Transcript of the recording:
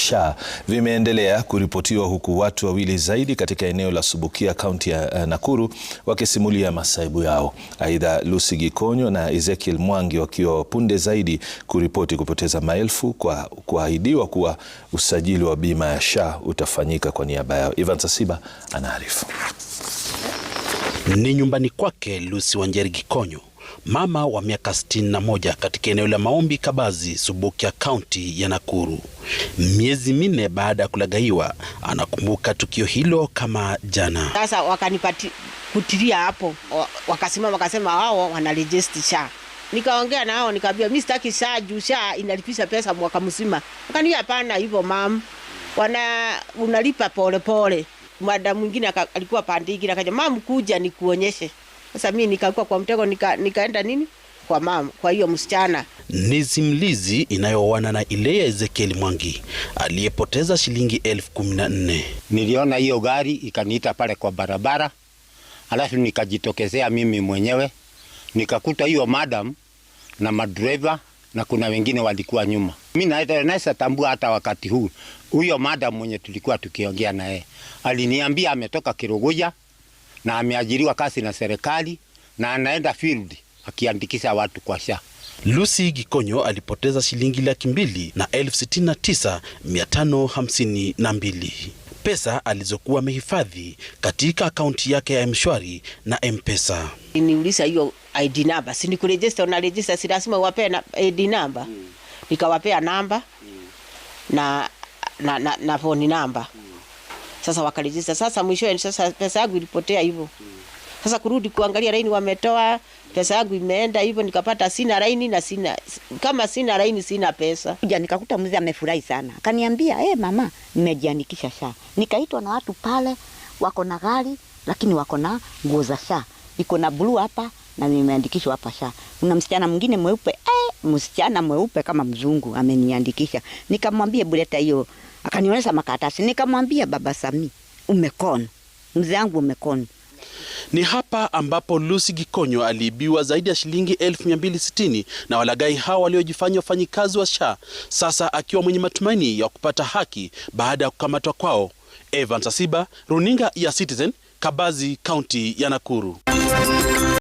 SHA vimeendelea kuripotiwa huku watu wawili zaidi katika eneo la Subukia kaunti ya eh, Nakuru wakisimulia ya masaibu yao. Aidha, Lucy Gikonyo na Ezekiel Mwangi wakiwa wapunde zaidi kuripoti kupoteza maelfu kwa kuahidiwa kuwa usajili wa bima ya SHA utafanyika kwa niaba yao. Ivan Sasiba anaarifu. Ni nyumbani kwake Lucy Wanjeri Gikonyo mama wa miaka 61 katika eneo la Maombi Kabazi, Subukia, kaunti ya Nakuru. Miezi minne baada ya kulagaiwa anakumbuka tukio hilo kama jana. Sasa kutilia hapo, wakasimama wakasema wao wanarejesti SHA. Nikaongea nao nikaambia, mi sitaki SHA juu SHA inalipisha pesa mwaka mzima. Wakaniambia hapana, hivyo mam, wana unalipa polepole. Mada mwingine alikuwa pande akaja, mam, kuja nikuonyeshe sasa mimi nikakuwa kwa mtego nika, nikaenda nini kwa mama, kwa hiyo msichana. Ni simulizi inayowana na ile ya Ezekiel Mwangi aliyepoteza shilingi elfu kumi na nne. Niliona hiyo gari ikaniita pale kwa barabara, alafu nikajitokezea mimi mwenyewe nikakuta hiyo madam na madreva na kuna wengine walikuwa nyuma. Mi naweza tambua hata wakati huu, huyo madam mwenye tulikuwa tukiongea naye aliniambia ametoka Kiruguja na ameajiriwa kazi na serikali na anaenda field akiandikisha watu kwa SHA. Lucy Gikonyo alipoteza shilingi laki mbili na elfu sitini na tisa mia tano hamsini na mbili pesa alizokuwa amehifadhi katika akaunti yake ya mshwari na mpesa. Niuliza hiyo ID namba, si nikurejista na rejista, si lazima uwapee na ID namba, mm. nikawapea namba mm. na na na, na phone namba sasa wakarejista. Sasa mwisho sasa pesa yangu ilipotea hivyo. Sasa kurudi kuangalia laini wametoa, pesa yangu imeenda hivyo, nikapata sina laini na sina kama sina laini sina pesa. Kuja nikakuta mzee amefurahi sana. Akaniambia, "Eh, hey, mama, nimejianikisha SHA." Nikaitwa na watu pale wako na gari lakini wako na nguo za SHA. Iko na blue hapa na nimeandikishwa hapa SHA. Kuna msichana mwingine mweupe, eh, hey, msichana mweupe kama mzungu ameniandikisha. Nikamwambia, "Buleta hiyo akanionyesha makaratasi, nikamwambia baba sami umekona mzee wangu, umekona. Ni hapa ambapo Lucy Gikonyo aliibiwa zaidi ya shilingi elfu na walagai hao waliojifanya wafanyikazi wa SHA, sasa akiwa mwenye matumaini ya kupata haki baada ya kukamatwa kwao. evan sasiba runinga ya Citizen, Kabazi, kaunti ya Nakuru.